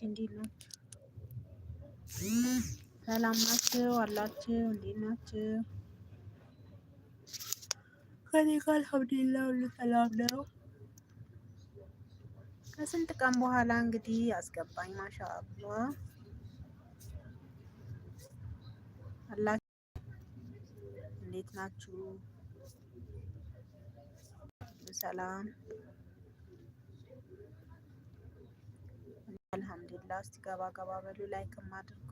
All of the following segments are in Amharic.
ውዶች እንዴት ናችሁ? ሰላም ናችሁ አላችሁ? እንዴት ናችሁ? ከኔ ጋር አልሐምዱሊላህ ሁሉ ሰላም ነው። ከስንት ቀን በኋላ እንግዲህ አስገባኝ። ማሻአላህ አላችሁ? እንዴት ናችሁ? ሰላም አልሐምዱሊላህ እስቲ ገባ ገባ በሉ ላይክ አድርጉ።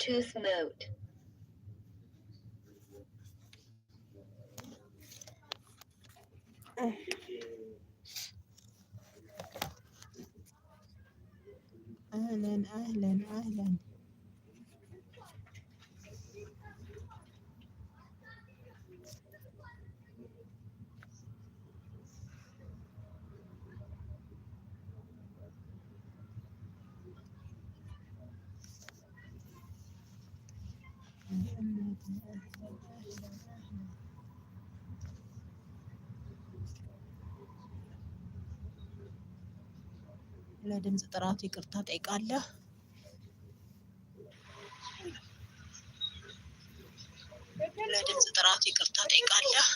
Bluetooth mode. اهلا اهلا اهلا ለድምፅ ጥራቱ ይቅርታ ጠይቃለሁ። ለድምፅ ጥራቱ ይቅርታ ጠይቃለሁ።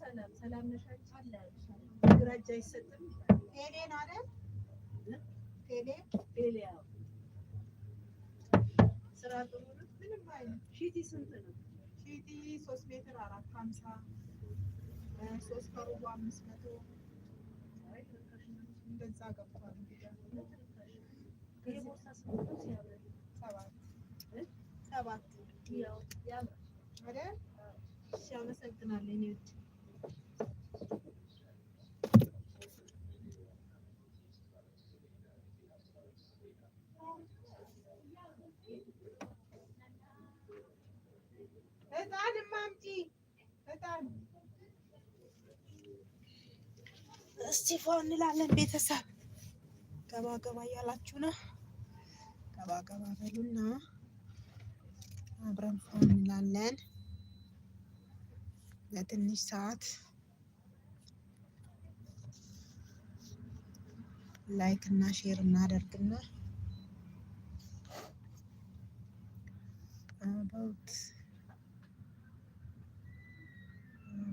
ሰላም ሰላም ነሽ? ግራ እጅ አይሰጥም። ቴሌ ነው አይደል? ቴሌ ቴሌ። አዎ ስራ ጥሩ ነው። ምንም አይልም። ሺቲ ስንት ነው? ሺቲ ሶስት ሜትር አራት ሀምሳ ሶስት ከሩቡ አምስት መቶ እንደዛ ገብቷል። ሰባት ሰባት ያው ያምራል አይደል? እሺ፣ አመሰግናለሁ። እስቲ ፎ እንላለን። ቤተሰብ ገባ ገባ እያላችሁ ነው። ገባ ገባ በሉና አብረን ፎ እንላለን ለትንሽ ሰዓት። ላይክ እና ሼር እናደርግና አባውት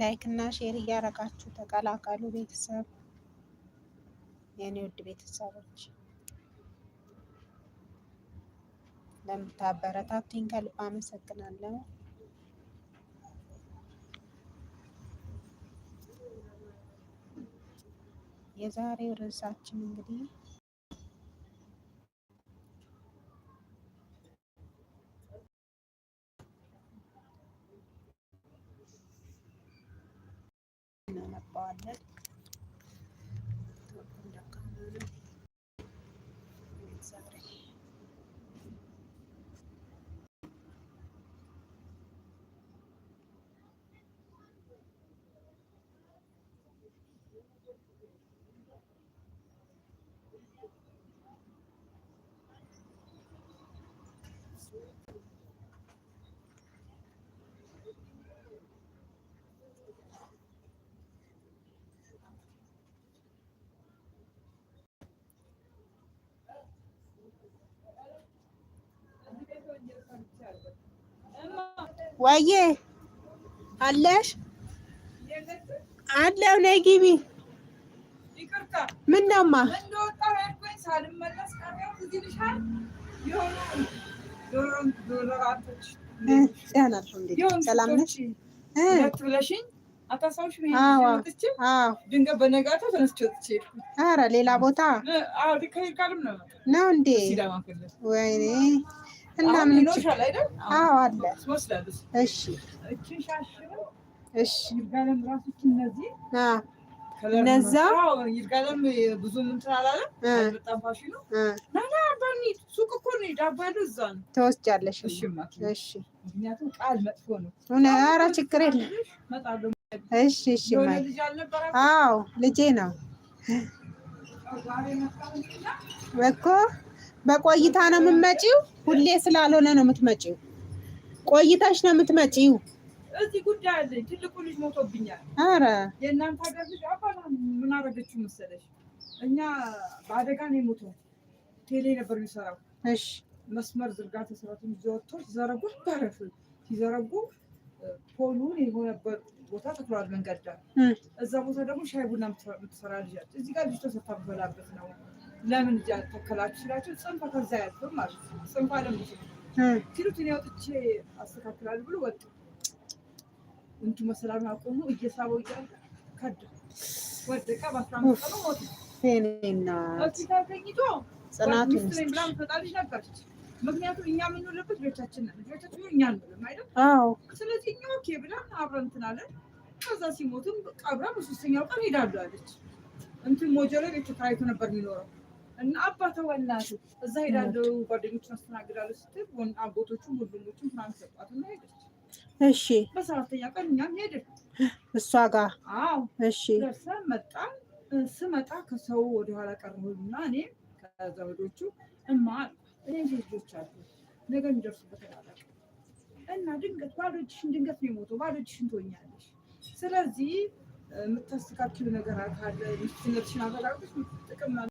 ላይክ እና ሼር እያረጋችሁ ተቀላቀሉ ቤተሰብ የኔ ውድ ቤተሰቦች ለምታበረታቱኝ ከልብ አመሰግናለሁ። የዛሬው ርዕሳችን እንግዲህ anne. Dur bir dakika. ወዬ አለሽ አለው ነይ ግቢ። ምን ነውማ ሰላም ነሽ? ድንገት በነጋታ ተነስቼ ወጥቼ ኧረ ሌላ ቦታ ነው እንዴ? ወይኔ እና ምን አለ እሺ እሺ እነዛ ይርጋለም ብዙ እንትን አላለም። ነው። ሱቅ እኮ ዳቦ ያለው እዛ ነው። ተወስጃለሽ። እሺ ምክንያቱም ቃል መጥፎ ነው። ኧረ ችግር የለም። እሺ እሺ። አዎ ልጄ ነው እኮ በቆይታ ነው የምትመጪው። ሁሌ ስላልሆነ ነው የምትመጪው። ቆይታሽ ነው የምትመጪው። እዚህ ጉዳይ አለ። ትልቁ ልጅ ሞቶብኛል። አረ የእናንተ ሀገር ልጅ አባላ ምን አደረገችው መሰለሽ? እኛ በአደጋ ነው የሞተው። ቴሌ ነበር የሚሰራው። እሺ መስመር ዝርጋታ ስራቱን ዘወጥቶች ሲዘረጉ ታረፍ ሲዘረጉ ፖሉን የሆነበት ቦታ ተክሏል መንገድ ዳር። እዛ ቦታ ደግሞ ሻይ ቡና የምትሰራ ልጅ እዚህ ጋር ልጅ ተሰታ በላበት ነው ለምን እዚህ አልተከላችሁ ስላቸው ጽንፈ ከዛ ያለው ማለት ነው ጽንፈ ለምስ ሲሉት እኔ አውጥቼ አስተካክላለሁ ብሎ ወጡ። እንቱ መሰላሉን አቆሙ። እየሳበው እያለ ከደ ወደቀ። በአስራ አምስት ቀኑ ሞት ሆስፒታል ተኝቶ ጽናቱ ብላ ምሰጣልሽ ነበረች። ምክንያቱም እኛ የምንውልበት ልጆቻችን ነን። ልጆቻችን እኛ ንብለም አይደል? ስለዚህ እኛ ኦኬ ብለን አብረን እንትን አለን። ከዛ ሲሞቱም ቀብራ በሶስተኛው ቀን ሄዳሉ አለች። እንትን ሞጆ ላይ ቤት ተከራይቶ ነበር የሚኖረው እና አባተ ወላት እዛ ሄዳለሁ ጓደኞች አስተናግዳለሁ ስትል አጎቶቹም ወንድሞቹም ምናምን ሰጧት እና ሄደች። እሺ በሰባተኛ ቀን እኛም ሄድን እሷ ጋ። አዎ እሺ ደርሰን መጣን። ስመጣ ከሰው ወደኋላ ቀረሁና እኔ ከዘመዶቹ እማ እኔ ልጆች አሉ ነገ የሚደርሱበት ላላቅ እና ድንገት ባዶ እጅሽን ድንገት ነው የሞተው ባዶ እጅሽን ትሆኛለሽ። ስለዚህ የምታስተካክሉ ነገር ካለ ሚስትነትሽን አበላቅሽ ጥቅም